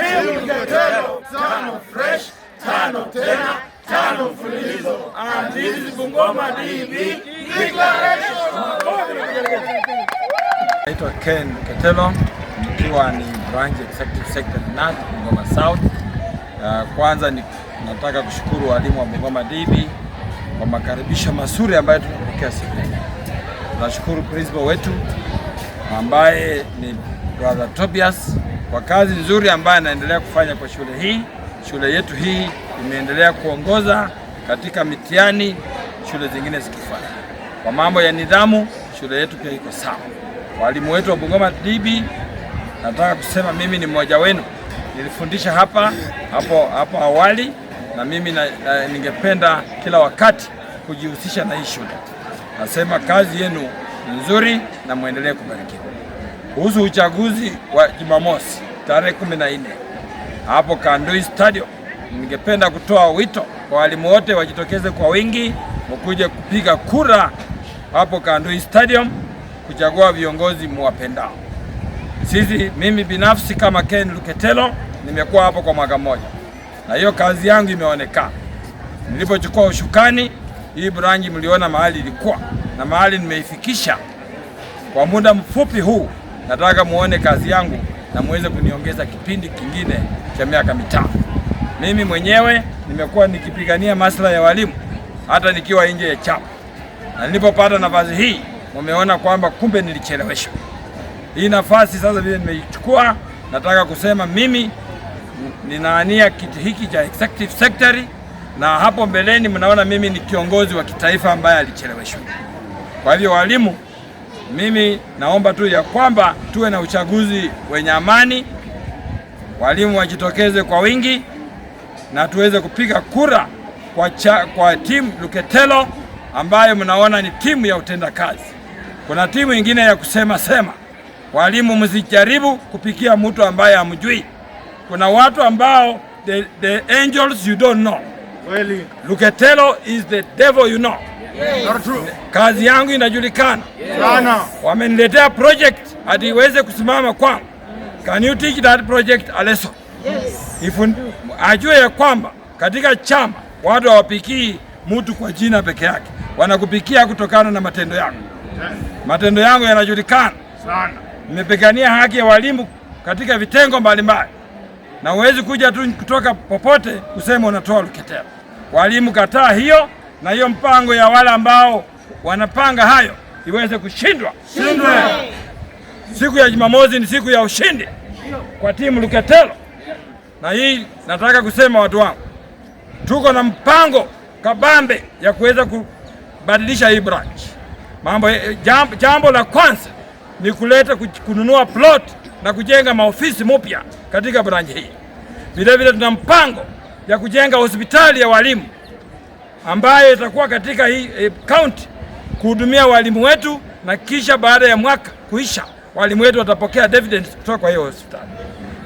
Timu Mtetero tano fresh tano tena tano mfululizo andizi Bungoma DB declaration. Naitwa Ken Ketelo nikiwa ni branch executive secretary na Bungoma South. Uh, kwanza ni nataka kushukuru walimu wa Bungoma DB kwa makaribisho mazuri ambayo tumepokea siku hii. Tunashukuru principal wetu ambaye ni brother Tobias kwa kazi nzuri ambayo anaendelea kufanya kwa shule hii. Shule yetu hii imeendelea kuongoza katika mitihani, shule zingine zikifanya. Kwa mambo ya nidhamu, shule yetu pia iko sawa. Walimu wetu wa Bungoma DB, nataka kusema mimi ni mmoja wenu, nilifundisha hapa hapo hapo awali, na mimi na, na, ningependa kila wakati kujihusisha na hii shule. Nasema kazi yenu nzuri na muendelee kubarikiwa kuhusu uchaguzi wa Jumamosi tarehe kumi na nne hapo Kanduyi Stadium, ningependa kutoa wito kwa walimu wote wajitokeze kwa wingi, mkuje kupiga kura hapo Kanduyi Stadium kuchagua viongozi mwapendao Sisi mimi binafsi kama Ken Luketelo nimekuwa hapo kwa mwaka mmoja, na hiyo kazi yangu imeonekana. Nilipochukua ushukani hii branchi, mliona mahali ilikuwa na mahali nimeifikisha kwa muda mfupi huu nataka muone kazi yangu na muweze kuniongeza kipindi kingine cha miaka mitano. Mimi mwenyewe nimekuwa nikipigania maslahi ya walimu hata nikiwa nje ya chama, na nilipopata nafasi hii mumeona kwamba kumbe nilicheleweshwa. Hii nafasi sasa vile nimeichukua, nataka kusema mimi ninaania kiti hiki cha executive secretary, na hapo mbeleni mnaona mimi ni kiongozi wa kitaifa ambaye alicheleweshwa. Kwa hivyo walimu mimi naomba tu ya kwamba tuwe na uchaguzi wenye amani, walimu wajitokeze kwa wingi na tuweze kupiga kura kwa, cha, kwa timu Luketelo ambayo mnaona ni timu ya utendakazi. Kuna timu ingine ya kusema sema. Walimu msijaribu kupikia mtu ambaye hamjui. Kuna watu ambao the, the angels you don't know. Luketelo is the devil you know kazi yangu inajulikana sana. Wameniletea project hadi iweze kusimama kwangu. Can you teach that project a lesson? Yes. If ajue ya kwamba katika chama watu hawapikii mtu kwa jina peke yake, wanakupikia kutokana na matendo yako. Matendo yangu yanajulikana sana. Nimepigania haki ya walimu katika vitengo mbalimbali, na huwezi kuja tu kutoka popote kusema unatoa Luketea. Walimu kataa hiyo na hiyo mpango ya wale ambao wanapanga hayo iweze kushindwa. Shindwe. Siku ya Jumamosi ni siku ya ushindi kwa timu Luketelo, na hii nataka kusema watu wangu, tuko na mpango kabambe ya kuweza kubadilisha hii branch. Mambo eh, eh, jambo, jambo la kwanza ni kuleta kununua plot na kujenga maofisi mupya katika branch hii. Vilevile tuna mpango ya kujenga hospitali ya walimu ambayo itakuwa katika hii e, eh, kaunti kuhudumia walimu wetu, na kisha baada ya mwaka kuisha walimu wetu watapokea dividends kutoka kwa hiyo hospitali.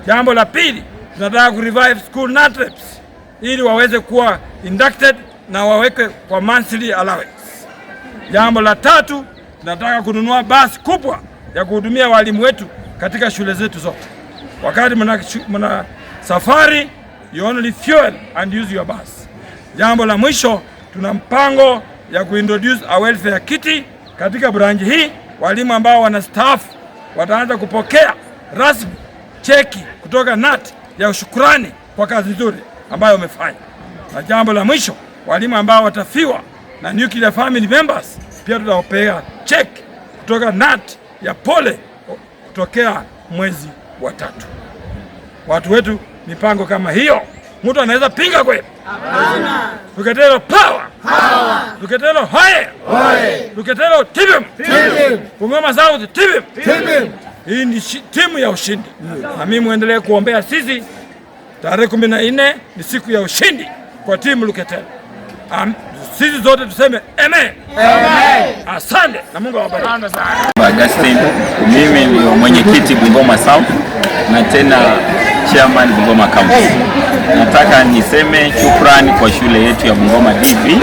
Jambo la pili, tunataka revive school NATREPS ili waweze kuwa inducted na wawekwe kwa monthly allowance. Jambo la tatu, tunataka kununua basi kubwa ya kuhudumia walimu wetu katika shule zetu zote. Wakati mna safari, you only fuel and use your bus. Jambo la mwisho, tuna mpango ya kuintroduce a welfare kiti katika branch hii. Walimu ambao wanastaafu wataanza kupokea rasmi cheki kutoka nat ya shukurani kwa kazi nzuri ambayo wamefanya. Na jambo la mwisho, walimu ambao watafiwa na nuclear family members pia tutawapea cheki kutoka nat ya pole kutokea mwezi wa tatu. Watu wetu, mipango kama hiyo mtu anaweza pinga kweli? Hapana. Ukatelo power. Power. Ukatelo hoye. Hoye. Ukatelo tibim. Tibim. Bungoma South tibim. Tibim. Hii ni timu ya ushindi. Na mimi muendelee kuombea sisi tarehe 14 ni siku ya ushindi kwa timu Lukatelo. Sisi zote tuseme amen. Amen. Asante na Mungu awabariki. Augustine, mimi ndio mwenyekiti Bungoma South na tena chairman Bungoma County. Nataka niseme shukrani kwa shule yetu ya Bungoma DV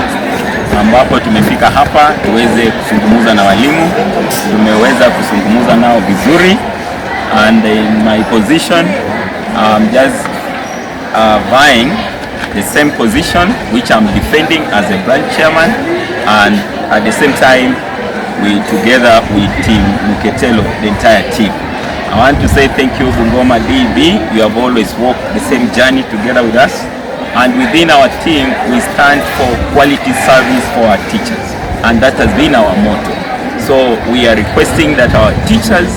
ambapo tumefika hapa tuweze kuzungumza na walimu. Tumeweza kuzungumza nao vizuri and in my position I'm just uh, vying the same position which I'm defending as a branch chairman and at the same time we together with team Muketelo the entire team I want to say thank you Bungoma DB. You have always walked the same journey together with us. And within our team, we stand for quality service for our teachers. And that has been our motto. So we are requesting that our teachers,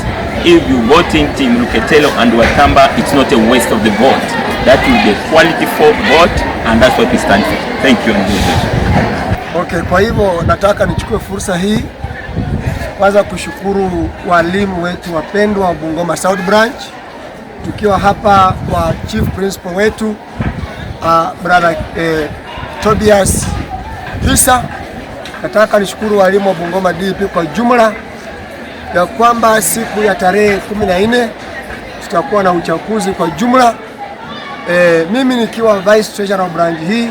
if you vote in Team Luketelo and Watamba, it's not a waste of the vote. That will be a quality for vote and that's what we stand for. Thank you. Okay, kwa hivyo nataka nichukue fursa hii kwanza kushukuru walimu wetu wapendwa wa Bungoma South Branch, tukiwa hapa kwa chief principal wetu uh, brother eh, Tobias Hisa. Nataka nishukuru walimu wa Bungoma dp kwa jumla ya kwamba siku ya tarehe 14 tutakuwa na uchaguzi kwa jumla. Eh, mimi nikiwa vice treasurer wa branch hii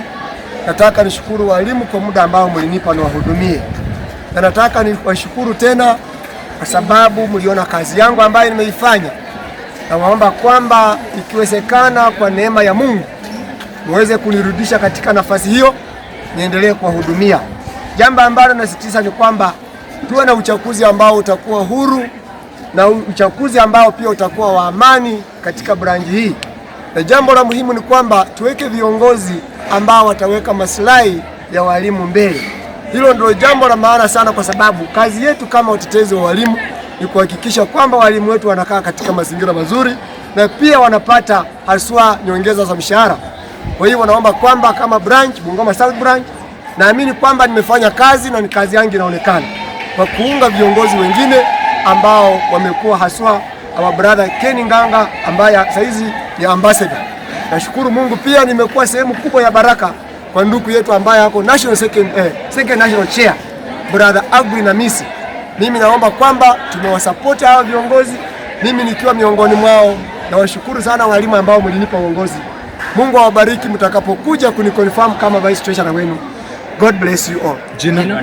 nataka nishukuru walimu kwa muda ambao mlinipa niwahudumie na nataka niwashukuru tena kwa sababu mliona kazi yangu ambayo nimeifanya, na waomba kwamba ikiwezekana, kwa neema ya Mungu muweze kunirudisha katika nafasi hiyo, niendelee kuwahudumia. Jambo ambalo nasitiza ni kwamba tuwe na uchaguzi ambao utakuwa huru na uchaguzi ambao pia utakuwa wa amani katika branchi hii, na jambo la muhimu ni kwamba tuweke viongozi ambao wataweka maslahi ya walimu mbele. Hilo ndio jambo la maana sana, kwa sababu kazi yetu kama utetezi wa walimu ni kuhakikisha kwamba walimu wetu wanakaa katika mazingira mazuri na pia wanapata haswa nyongeza za mshahara. Kwa hiyo wanaomba kwamba kama branch Bungoma South branch, naamini kwamba nimefanya kazi na ni kazi yangu inaonekana kwa kuunga viongozi wengine ambao wamekuwa haswa our brother Ken Nganga ambaye saizi ni ambassador. Nashukuru Mungu pia nimekuwa sehemu kubwa ya baraka kwa ndugu yetu ambaye ako national second, eh, second national chair brother Agri na Misi. Mimi naomba kwamba tumewasapoti hawa viongozi, mimi nikiwa miongoni mwao. Nawashukuru sana walimu ambao mlinipa uongozi. Mungu awabariki mtakapokuja kuniconfirm kama vice treasurer wenu. God bless you all. Jina